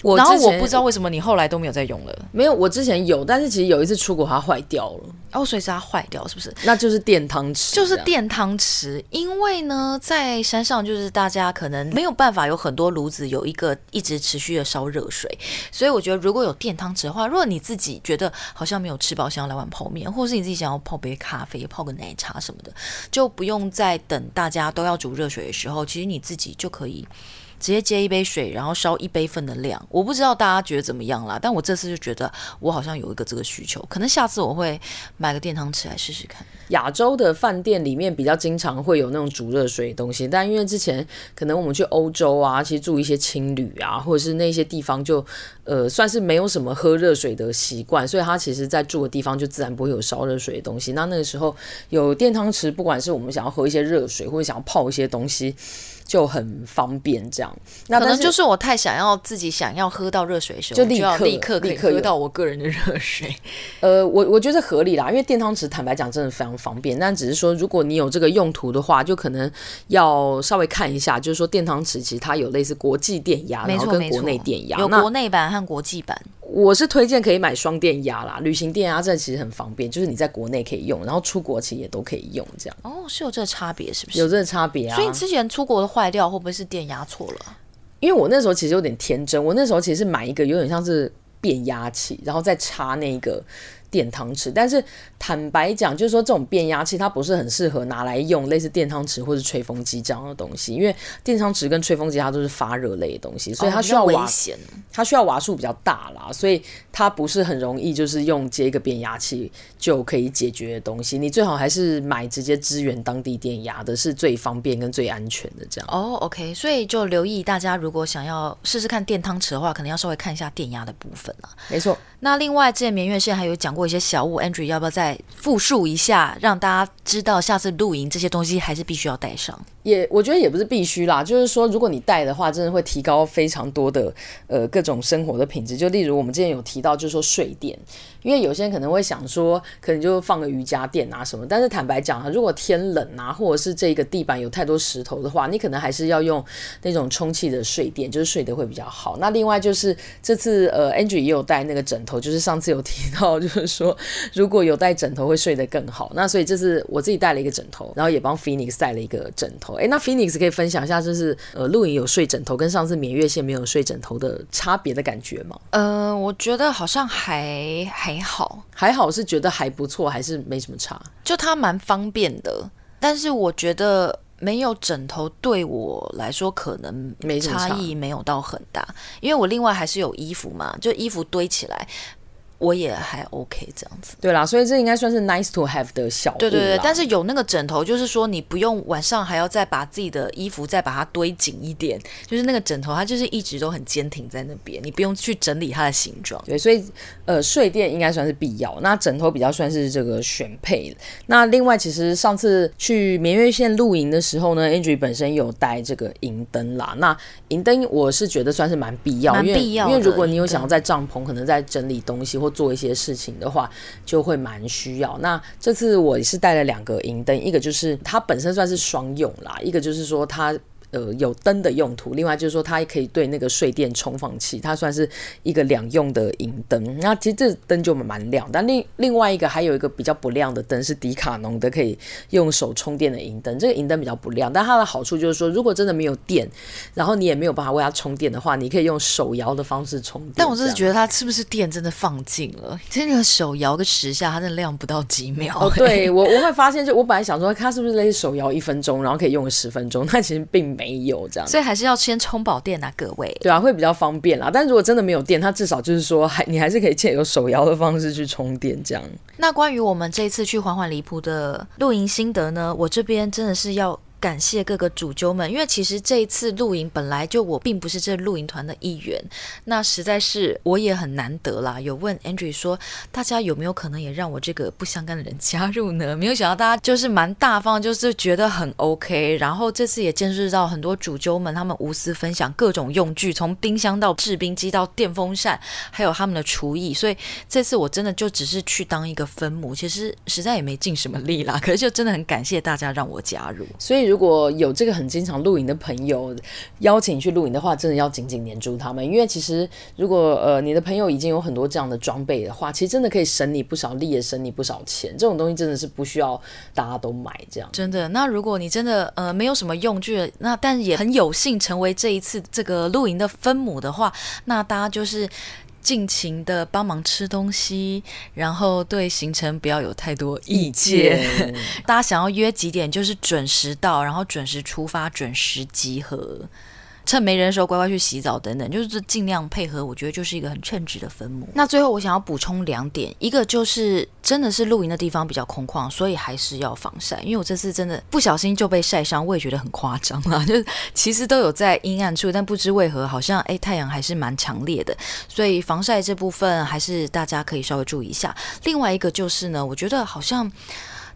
之前然後，我不知道為什麼你後來都沒有再用了。沒有，我之前有，但是其實有一次出國它壞掉了，哦，所以是它壞掉是不是？那就是電湯匙，就是電湯匙。因為呢，在山上就是大家可能沒有辦法有很多爐子，有一個一直持續的燒熱水，所以我覺得如果有電湯匙的話，如果你自己覺得好像沒有吃飽，想要來碗泡麵，或者是你自己想要泡杯咖啡，泡個奶茶什麼的，就不用再等大家都要煮熱水的時候，其實你自己就可以。直接接一杯水，然後燒一杯份的量，我不知道大家覺得怎麼樣啦。但我這次就覺得我好像有一個這個需求，可能下次我會買個電湯匙來試試看。亞洲的飯店裡面比較經常會有那種煮熱水的東西，但因為之前可能我們去歐洲啊，其實住一些青旅啊，或者是那些地方就呃算是沒有什麼喝熱水的習慣，所以他其實在住的地方就自然不會有燒熱水的東西。那那個時候有電湯匙，不管是我們想要喝一些熱水，或者想要泡一些東西。就很方便，這樣，那可能就是我太想要自己想要喝到熱水的時候，就，立刻，就立刻可以喝到我個人的熱水。 [laughs] 呃，我我覺得合理啦，因為電湯匙坦白講真的非常方便，但只是說如果你有這個用途的話，就可能要稍微看一下，就是說電湯匙其實它有類似國際電壓，然後跟國內電壓，有國內版和國際版。我是推薦可以買雙電壓啦，旅行電壓這其實很方便，就是你在國內可以用，然後出國其實也都可以用這樣。哦，是有這個差別是不是？有這個差別啊。所以之前出國的壞掉，會不會是電壓錯了？因為我那時候其實有點天真，我那時候其實是買一個有點像是變壓器，然後再插那個。電湯匙，但是坦白講，就是說這種變壓器它不是很適合拿來用，類似電湯匙或是吹風機這樣的東西，因為電湯匙跟吹風機它都是發熱類的東西，所以它需要危險，oh，它需要瓦數比較大啦，所以它不是很容易就是用接一個變壓器就可以解決的東西，你最好還是買直接支援當地電壓的是最方便跟最安全的這樣。哦、oh，OK，所以就留意大家如果想要試試看電湯匙的話，可能要稍微看一下電壓的部分了。沒錯，那另外之前眠月線還有講過，一些小物，Andrew 要不要再複述一下，讓大家知道下次露營這些東西還是必須要帶上。也我覺得也不是必須啦，就是說如果你帶的話，真的會提高非常多的呃各種生活的品質。就例如我們之前有提到，就是說睡墊，因為有些人可能會想說，可能就放個瑜伽墊啊什麼。但是坦白講啊，如果天冷啊，或者是這個地板有太多石頭的話，你可能還是要用那種充氣的睡墊，就是睡得會比較好。那另外就是這次呃，Andrew 也有帶那個枕頭，就是上次有提到，就是說如果有帶枕頭會睡得更好。那所以這次我自己帶了一個枕頭，然後也幫 Phoenix 帶了一個枕頭。哎，那 Phoenix 可以分享一下，就是呃露營有睡枕頭跟上次眠月線沒有睡枕頭的差別的感覺嗎？呃，我覺得好像還還好，還好是覺得還不錯，還是沒什麼差。就它蠻方便的，但是我覺得沒有枕頭對我來說可能差異沒有到很大，因為我另外還是有衣服嘛，就衣服堆起來。我也還 OK 這樣子，對啦，所以這應該算是 nice to have 的小物啦。對對對，但是有那個枕頭，就是說你不用晚上還要再把自己的衣服再把它堆緊一點，就是那個枕頭它就是一直都很堅挺在那邊，你不用去整理它的形狀。對，所以呃，睡墊應該算是必要，那枕頭比較算是這個選配。那另外，其實上次去眠月線露營的時候呢，Angie 本身有帶這個銀燈啦。那銀燈我是覺得算是蠻必要，必要的，因為因為如果你有想要在帳篷可能在整理東西或做一些事情的話，就會蠻需要。那這次我也是帶了兩個銀燈，一個就是它本身算是雙用啦，一個就是說它。呃，有燈的用途，另外就是說，它也可以對那個睡電充放器，它算是一個兩用的營燈。那其實這燈就蠻亮的，但另另外一個還有一個比較不亮的燈是迪卡儂的，可以用手充電的營燈。這個營燈比較不亮，但它的好處就是說，如果真的沒有電，然後你也沒有辦法為它充電的話，你可以用手搖的方式充電。但我就是覺得它是不是電真的放盡了？其實那個手搖個十下，它真的亮不到幾秒欸。哦。對，我我會發現，就我本來想說，它是不是些手搖一分鐘，然後可以用十分鐘？那其實並沒。沒有這樣，所以還是要先充飽電啊，各位。對啊，會比較方便啦。但如果真的沒有電，它至少就是說還，還你還是可以借由手搖的方式去充電這樣。那關於我們這次去緩緩李埔的露營心得呢？我這邊真的是要。感謝各個主揪們，因為其實這一次露營本來就我並不是這露營團的一員，那實在是我也很難得啦。有問 Andrew 說，大家有沒有可能也讓我這個不相干的人加入呢？沒有想到大家就是蠻大方，就是覺得很 OK。然後這次也見識到很多主揪們，他們無私分享各種用具，從冰箱到制冰機到電風扇，還有他們的廚藝。所以這次我真的就只是去當一個分母，其實實在也沒盡什麼力啦。可是就真的很感謝大家讓我加入，所以。如果有這個很經常露營的朋友邀請你去露營的話，真的要緊緊黏住他們，因為其實如果呃你的朋友已經有很多這樣的裝備的話，其實真的可以省你不少力，也省你不少錢。這種東西真的是不需要大家都買，這樣真的。那如果你真的呃沒有什麼用具，那但也很有幸成為這一次這個露營的分母的話，那大家就是。盡情地幫忙吃東西，然後對行程不要有太多意見。意見 [laughs] 大家想要約幾點，就是準時到，然後準時出發，準時集合。趁沒人的時候乖乖去洗澡，等等，就是盡量配合。我覺得就是一個很稱職的分母。那最後我想要補充兩點，一個就是真的是露營的地方比較空曠，所以還是要防曬。因為我這次真的不小心就被曬傷，我也覺得很誇張啊。就其實都有在陰暗處，但不知為何好像誒、欸，太陽還是蠻強烈的，所以防曬這部分還是大家可以稍微注意一下。另外一個就是呢，我覺得好像。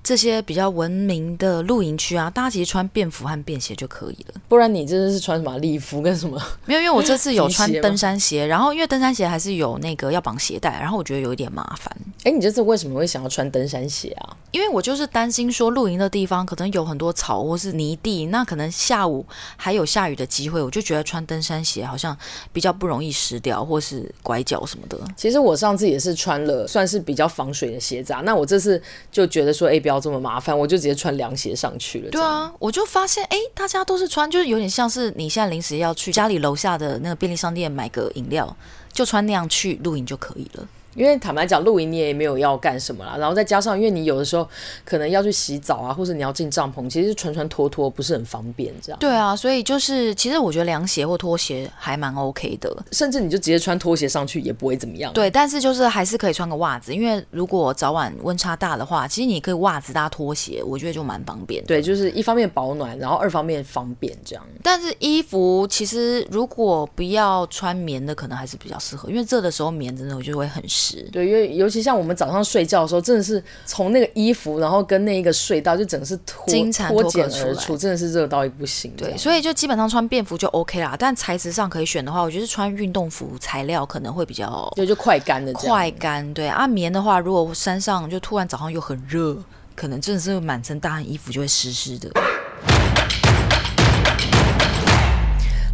這些比較文明的露營區啊，大家其實穿便服和便鞋就可以了。不然你這次是穿什麼禮服跟什麼？沒有，因為我這次有穿登山鞋， [laughs] 鞋然後因為登山鞋還是有那個要綁鞋帶，然後我覺得有一點麻煩。哎、欸，你這次為什麼會想要穿登山鞋啊？因為我就是擔心說露營的地方可能有很多草或是泥地，那可能下午還有下雨的機會，我就覺得穿登山鞋好像比較不容易濕掉或是拐角，什麼的。其實我上次也是穿了算是比較防水的鞋子啊，那我這次就覺得說，欸，比較。這麼麻煩，我就直接穿涼鞋上去了。對啊，我就發現，哎、欸，大家都是穿，就是有點像是你現在臨時要去家裡樓下的那個便利商店買個飲料，就穿那樣去露營就可以了。因為坦白講，露營你也沒有要幹什麼啦，然後再加上，因為你有的時候可能要去洗澡啊，或者你要進帳篷，其實是穿穿脫脫，不是很方便，這樣。對啊，所以就是其實我覺得涼鞋或拖鞋還蠻 OK 的，甚至你就直接穿拖鞋上去也不會怎麼樣。對，但是就是還是可以穿個襪子，因為如果早晚溫差大的話，其實你可以襪子搭拖鞋，我覺得就蠻方便。對，就是一方面保暖，然後二方面方便這樣。但是衣服其實如果不要穿棉的，可能還是比較適合，因為熱的時候棉真的我覺得會很濕。對，因為尤其像我們早上睡覺的時候，真的是從那個衣服，然後跟那一個睡袋，就整個是脫脫繭而出，而出，出，真的是熱到一不行。對，所以就基本上穿便服就 OK 啦。但材質上可以選的話，我覺得是穿運動服材料可能會比較對，就快乾的。快乾，對啊，棉的話，如果山上就突然早上又很熱，可能真的是會滿身大汗，衣服就會濕濕的。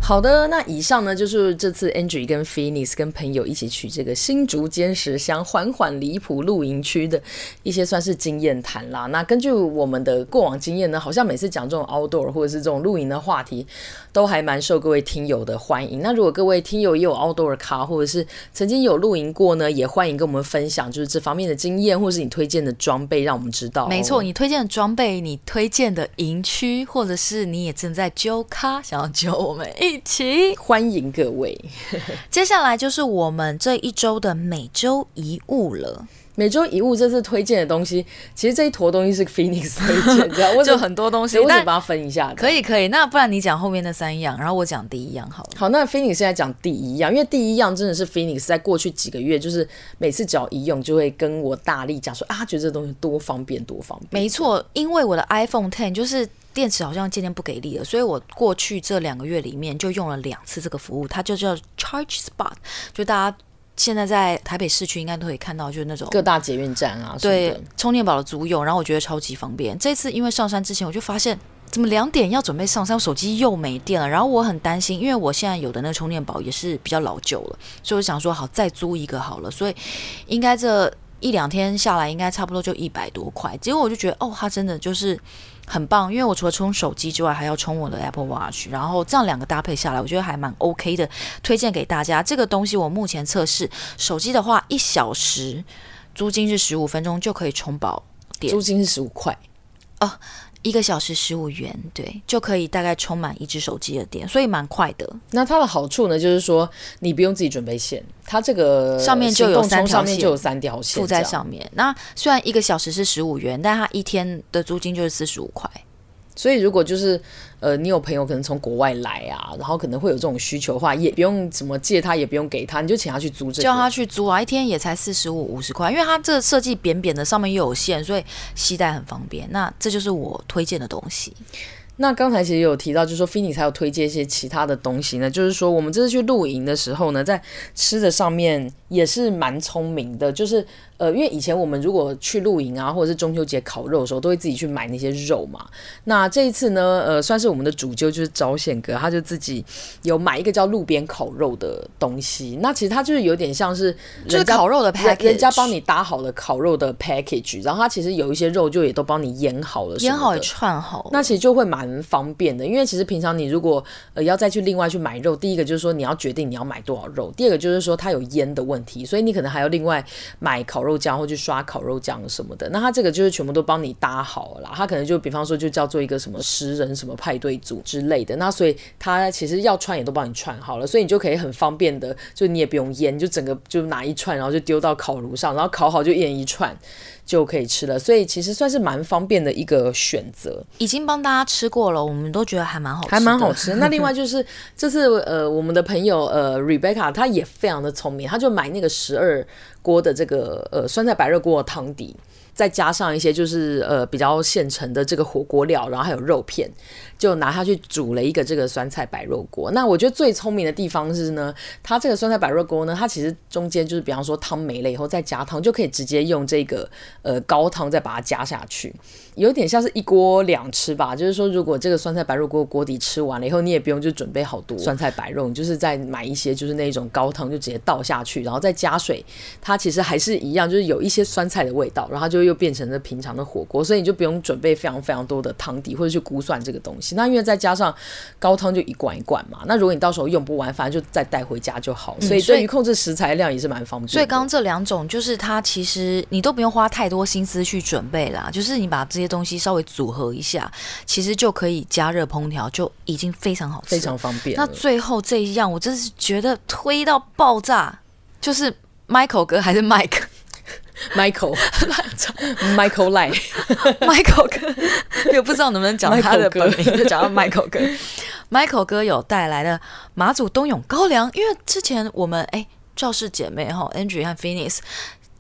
好的，那以上呢就是這次 Angie 跟 Phoenix 跟朋友一起去這個新竹尖石鄉緩緩李埔露營區的一些算是經驗談啦。那根據我們的過往經驗呢，好像每次講這種 outdoor 或者是這種露營的話題，都還蠻受各位聽友的歡迎。那如果各位聽友也有 outdoor 咖，或者是曾經有露營過呢，也歡迎跟我們分享，就是這方面的經驗，或是你推薦的裝備，讓我們知道哦。沒錯，你推薦的裝備，你推薦的營區，或者是你也正在揪咖，想要揪我們。一起歡迎各位，接下來就是我們這一周的每周一物了。每周一物這次推薦的東西，其實這一坨東西是 Phoenix 推薦的。 [laughs] 就很多東西，欸、我怎麼把它分一下？可以，可以。那不然你講後面那三樣，然後我講第一樣好了。好，那 Phoenix 現在講第一樣，因為第一樣真的是 Phoenix 在過去幾個月，就是每次只要一用，就會跟我大力講說啊，覺得這東西多方便，多方便。沒錯，因為我的 iPhone Ten 就是。電池好像漸漸不給力了，所以我過去這兩個月裡面就用了兩次這個服務，它就叫 Charge SPOT，就大家現在在台北市區應該都可以看到，就是那種各大捷運站啊，對，充電寶的租用，然後我覺得超級方便。這次因為上山之前我就發現，怎麼兩點要準備上山，我手機又沒電了，然後我很擔心，因為我現在有的那個充電寶也是比較老舊了，所以我想說，好，再租一個好了，所以應該這一兩天下來應該差不多就一百多塊，結果我就覺得哦，它真的就是。很棒，因為我除了充手機之外，還要充我的 Apple Watch，然後這樣兩個搭配下來，我覺得還蠻 OK 的，推薦給大家。這個東西我目前測試，手機的話一小時，租金是十五分鐘就可以充飽電，租金是十五塊，啊、哦。一個小時十五元，對，就可以大概充滿一隻手機的電，所以蠻快的。那它的好處呢，就是說你不用自己準備線，它這個動上面就有三條線附在上面。嗯、那雖然一個小時是十五元，但它一天的租金就是四十五塊，所以如果就是。呃，你有朋友可能從國外來啊，然後可能會有這種需求的話，也不用怎麼借他，也不用給他，你就請他去租這個。叫他去租啊，一天也才四十五五十塊，因為它這設計扁扁的，上面又有線，所以攜帶很方便。那這就是我推薦的東西。那剛才其實有提到，就是說菲尼才有推薦一些其他的東西呢，就是說我們這次去露營的時候呢，在吃的上面也是蠻聰明的，就是。呃，因為以前我們如果去露營啊，或者是中秋節烤肉的時候，都會自己去買那些肉嘛。那這一次呢，呃，算是我們的主揪就是朝顯哥，他就自己有買一個叫路邊烤肉的東西。那其實他就是有點像是，就是烤肉的 package，人家幫你搭好了烤肉的 package。然後他其實有一些肉就也都幫你醃好了，醃好串好。那其實就會蠻方便的，因為其實平常你如果呃要再去另外去買肉，第一個就是說你要決定你要買多少肉，第二個就是說它有醃的問題，所以你可能還要另外買烤肉漿或去刷烤肉醬什麼的，那它這個就是全部都幫你搭好了啦，它可能就比方說就叫做一個什麼食人什麼派對組之類的，那所以它其實要串也都幫你串好了，所以你就可以很方便的，就你也不用醃，就整個就拿一串，然後就丟到烤爐上，然後烤好就一人一串。就可以吃了，所以其實算是蠻方便的一個選擇。已經幫大家吃過了，我們都覺得還蠻好吃，還蠻好吃。那另外就是 [laughs] 這次呃，我們的朋友呃，Rebecca 她也非常的聰明，她就買那個石二鍋的這個呃酸菜白肉鍋的湯底。再加上一些就是呃比較現成的這個火鍋料，然後還有肉片，就拿它去煮了一個這個酸菜白肉鍋。那我覺得最聰明的地方是呢，它這個酸菜白肉鍋呢，它其實中間就是比方說湯沒了以後再加湯，就可以直接用這個呃高湯再把它加下去，有點像是一鍋兩吃吧。就是說，如果這個酸菜白肉鍋鍋底吃完了以後，你也不用就準備好多酸菜白肉，你就是再買一些就是那種高湯就直接倒下去，然後再加水，它其實還是一樣，就是有一些酸菜的味道，然後就。又變成了平常的火鍋，所以你就不用準備非常非常多的湯底，或者去估算這個東西。那因為再加上高湯就一罐、一罐嘛，那如果你到時候用不完，反正就再帶回家就好。所以對於控制食材量也是蠻方便。嗯。所以剛剛這兩種就是它，其實你都不用花太多心思去準備啦，就是你把這些東西稍微組合一下，其實就可以加熱烹調，就已經非常好吃，非常方便。那最後這一樣，我真是覺得推到爆炸，就是 Michael 哥還是 Mike。Michael，Michael [laughs] Michael 賴，Michael 哥又 [laughs] 不知道能不能講他的本名，就講到 Michael 哥。Michael 哥有帶來的馬祖東湧高粱，因為之前我們哎肇、欸、事姐妹哈，Andrew 和 Phoenix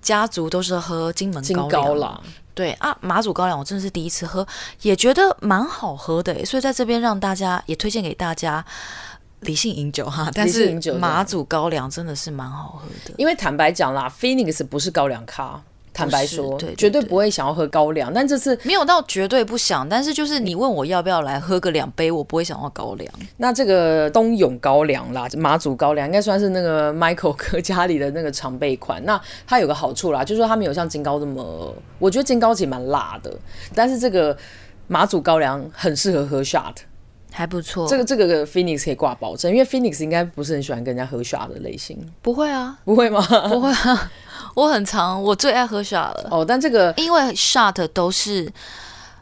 家族都是喝金門高粱，金高粱，對啊，馬祖高粱我真的是第一次喝，也覺得蠻好喝的，欸，所以在這邊讓大家也推薦給大家。理性飲酒哈，但是馬祖高粱真的是蠻好喝的。因為坦白講啦，Phoenix 不是高粱咖，坦白說，對對對，絕對不會想要喝高粱。但這次沒有到絕對不想，但是就是你問我要不要來喝個兩杯，我不會想要高粱。嗯、那這個東湧高粱啦，馬祖高粱應該算是那個 Michael 哥家裡的那個常備款。那它有個好處啦，就是說它沒有像金高這麼，我覺得金高也蠻辣的，但是這個馬祖高粱很適合喝 shot。還不錯，這個這個，Phoenix 可以掛保證，因為 Phoenix 應該不是很喜歡跟人家喝 shot 的類型，不會啊，不會嗎？不會啊，我很常，我最愛喝 shot 了。哦，但這個因為 shot 都是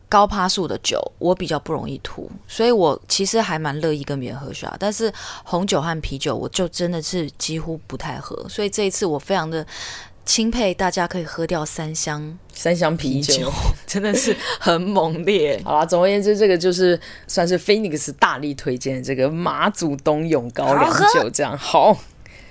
高趴數的酒，我比較不容易吐，所以我其實還蠻樂意跟別人喝 shot，但是紅酒和啤酒，我就真的是幾乎不太喝，所以這一次我非常的。欽佩大家可以喝掉三箱三箱啤酒， [laughs] 真的是很猛烈。 [laughs] 好了，總而言之，這個就是算是 Phoenix 大力推薦這個馬祖東湧高粱酒，這樣好。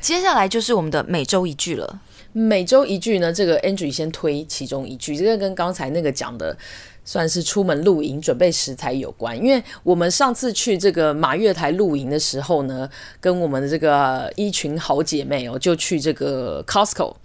接下來就是我們的每周一句了。每周一句呢，這個 Angie 先推其中一句，這個跟剛才那個講的算是出門露營準備食材有關，因為我們上次去這個馬月台露營的時候呢，跟我們的這個一群好姐妹哦、喔，就去這個 Costco。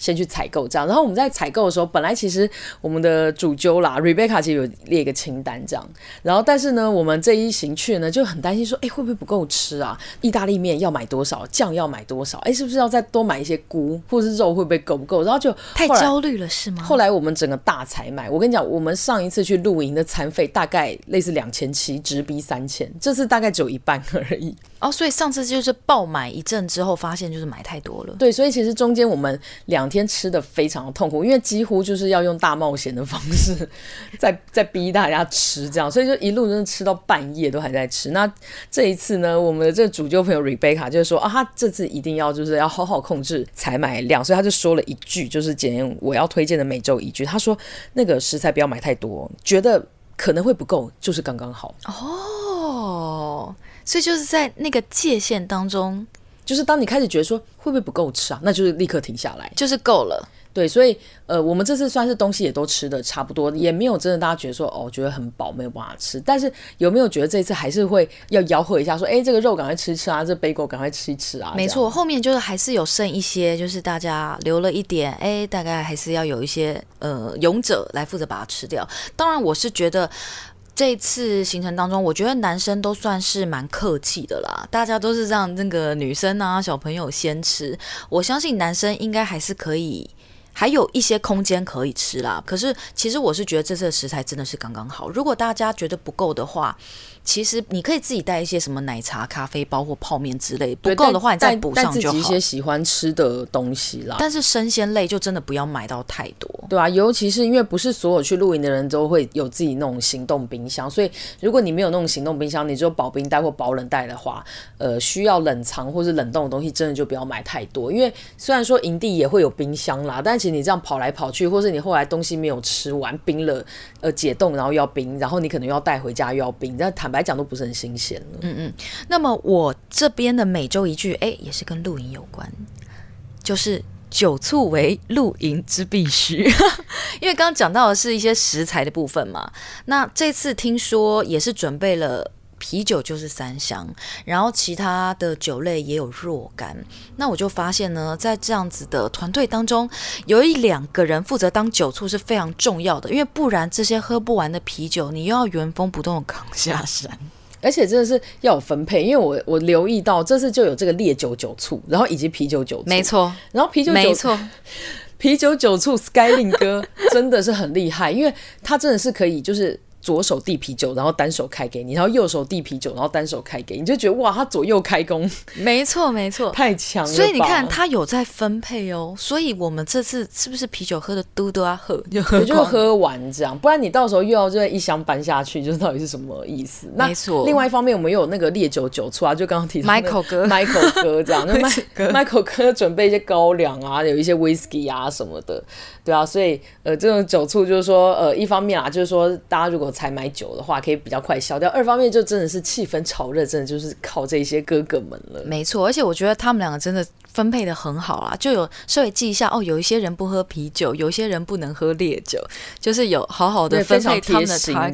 先去採購這樣，然後我們在採購的時候，本來其實我們的主揪啦，Rebecca 其實有列一個清單這樣，然後但是呢，我們這一行去呢就很擔心說，哎、欸，會不會不夠吃啊？意大利麵要買多少，醬要買多少？哎、欸，是不是要再多買一些菇或是肉會不會夠不夠？然後就後太焦慮了是嗎？後來我們整個大採買，我跟你講，我們上一次去露營的餐費大概類似兩千七，直逼三千，這次大概只有一半而已。哦，所以上次就是爆買一陣之後，發現就是買太多了。對，所以其實中間我們兩。每天吃的非常的痛苦，因為幾乎就是要用大冒險的方式 [laughs] 在，在在逼大家吃，這樣，所以就一路真的吃到半夜都還在吃。那這一次呢，我們的這個主揪朋友 Rebecca 就是說啊，他這次一定要就是要好好控制採買量，所以他就說了一句，就是驗我要推薦的每周一句，他說那個食材不要買太多，覺得可能會不夠，就是剛剛好。哦，所以就是在那個界限當中。就是當你開始覺得說會不會不夠吃啊，那就是立刻停下來，就是夠了。對，所以呃，我們這次算是東西也都吃的差不多，也沒有真的大家覺得說哦，覺得很飽沒有辦法吃。但是有沒有覺得這次還是會要吆喝一下說，哎、欸，這個肉趕快吃吃啊，這杯狗趕快吃一吃啊。沒錯，後面就是還是有剩一些，就是大家留了一點，哎、欸，大概還是要有一些呃勇者來負責把它吃掉。當然，我是覺得。這次行程當中，我覺得男生都算是蠻客氣的啦，大家都是讓那個女生啊、小朋友先吃。我相信男生應該還是可以，還有一些空間可以吃啦。可是其實我是覺得這次的食材真的是剛剛好，如果大家覺得不夠的話，其實你可以自己帶一些什麼奶茶、咖啡、包括泡麵之類，不夠的話你再補上就好，自己一些喜歡吃的東西啦，但是生鮮類就真的不要買到太多，對啊，尤其是因為不是所有去露營的人都會有自己那種行動冰箱，所以如果你沒有那種行動冰箱，你只有保冰袋或保冷袋的話，呃，需要冷藏或者冷凍的東西，真的就不要買太多。因為雖然說營地也會有冰箱啦，但其實你這樣跑來跑去，或是你後來東西沒有吃完，冰了，呃，解凍然後又要冰，然後你可能又要帶回家又要冰，但坦白。來講都不是很新鮮的。嗯嗯，那麼我這邊的每週一句，誒，也是跟露營有關，就是酒促為露營之必須。 [laughs] 因為剛剛講到的是一些食材的部分嘛，那這次聽說也是準備了。啤酒就是三箱，然後其他的酒類也有若干。那我就發現呢，在這樣子的團隊當中，有一兩個人負責當酒促是非常重要的，因為不然這些喝不完的啤酒，你又要原封不動的扛下山。而且真的是要有分配，因為我我留意到這次就有這個烈酒酒促，然後以及啤酒酒促，沒錯。然後啤酒酒促，啤酒酒促 Skyling 哥真的是很厲害， [laughs] 因為他真的是可以就是。左手遞啤酒，然後單手開給你，然後右手遞啤酒，然後單手開給你，你就覺得哇，他左右開弓，沒錯沒錯，太強了。所以你看他有在分配哦，所以我們這次是不是啤酒喝的嘟都要、啊、喝，就，喝，就，就喝完這樣，不然你到時候又要再一箱搬下去，就到底是什麼意思？沒錯。那另外一方面，我們有那個烈酒酒促啊，就剛剛提到 Michael 哥，Michael [laughs] 哥這樣，那 Michael [laughs] 哥準備一些高粱啊，有一些 whisky 啊什麼的，對啊。所以呃，這種酒促就是說呃，一方面啊，就是說大家如果才買酒的話，可以比較快消掉。二方面就真的是氣氛炒熱，真的就是靠這些哥哥們了。沒錯，而且我覺得他們兩個真的分配得很好啊，就有稍微記一下哦。有一些人不喝啤酒，有一些人不能喝烈酒，就是有好好的分享他們的茶。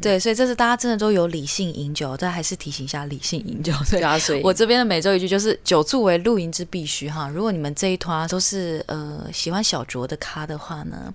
對，所以這次大家真的都有理性飲酒，但還是提醒一下理性飲酒。對，加水。我這邊的每周一句就是“酒促為露營之必須”哈。如果你們這一團都是呃喜歡小酌的咖的話呢？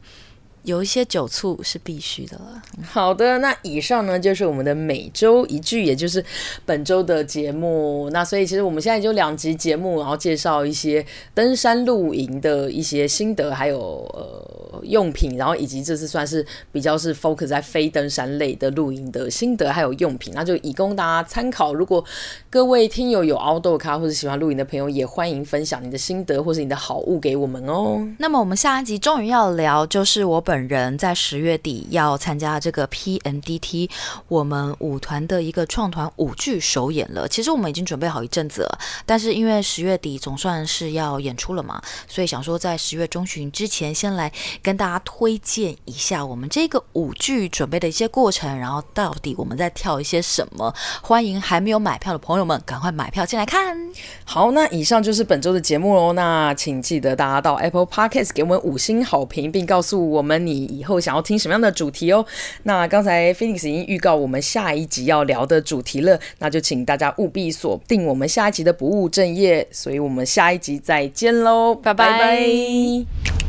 有一些酒促是必須的了。好的，那以上呢就是我們的每周一句，也就是本周的節目。那所以其實我們現在就兩集節目，然後介紹一些登山露營的一些心得，還有呃用品，然後以及這次算是比較是 focus 在非登山類的露營的心得還有用品，那就以供大家參考。如果各位聽友有 Outdoor 咖或者喜歡露營的朋友，也歡迎分享你的心得或是你的好物給我們哦、喔嗯。那麼我們下一集終於要聊，就是我本。本人在十月底要參加這個 PMDT，我們舞團的一個創團舞劇首演了。其實我們已經準備好一陣子了，但是因為十月底總算是要演出了嘛，所以想說在十月中旬之前，先來跟大家推薦一下我們這個舞劇準備的一些過程，然後到底我們在跳一些什麼。歡迎還沒有買票的朋友們趕快買票進來看。好，那以上就是本周的節目嘍。那請記得大家到 Apple Podcast 給我們五星好評，並告訴我們。你以後想要聽什麼樣的主題哦、喔？那剛才 Phoenix 已經預告我們下一集要聊的主題了，那就請大家務必鎖定我們下一集的不務正業。所以我們下一集再見嘍，拜拜。Bye bye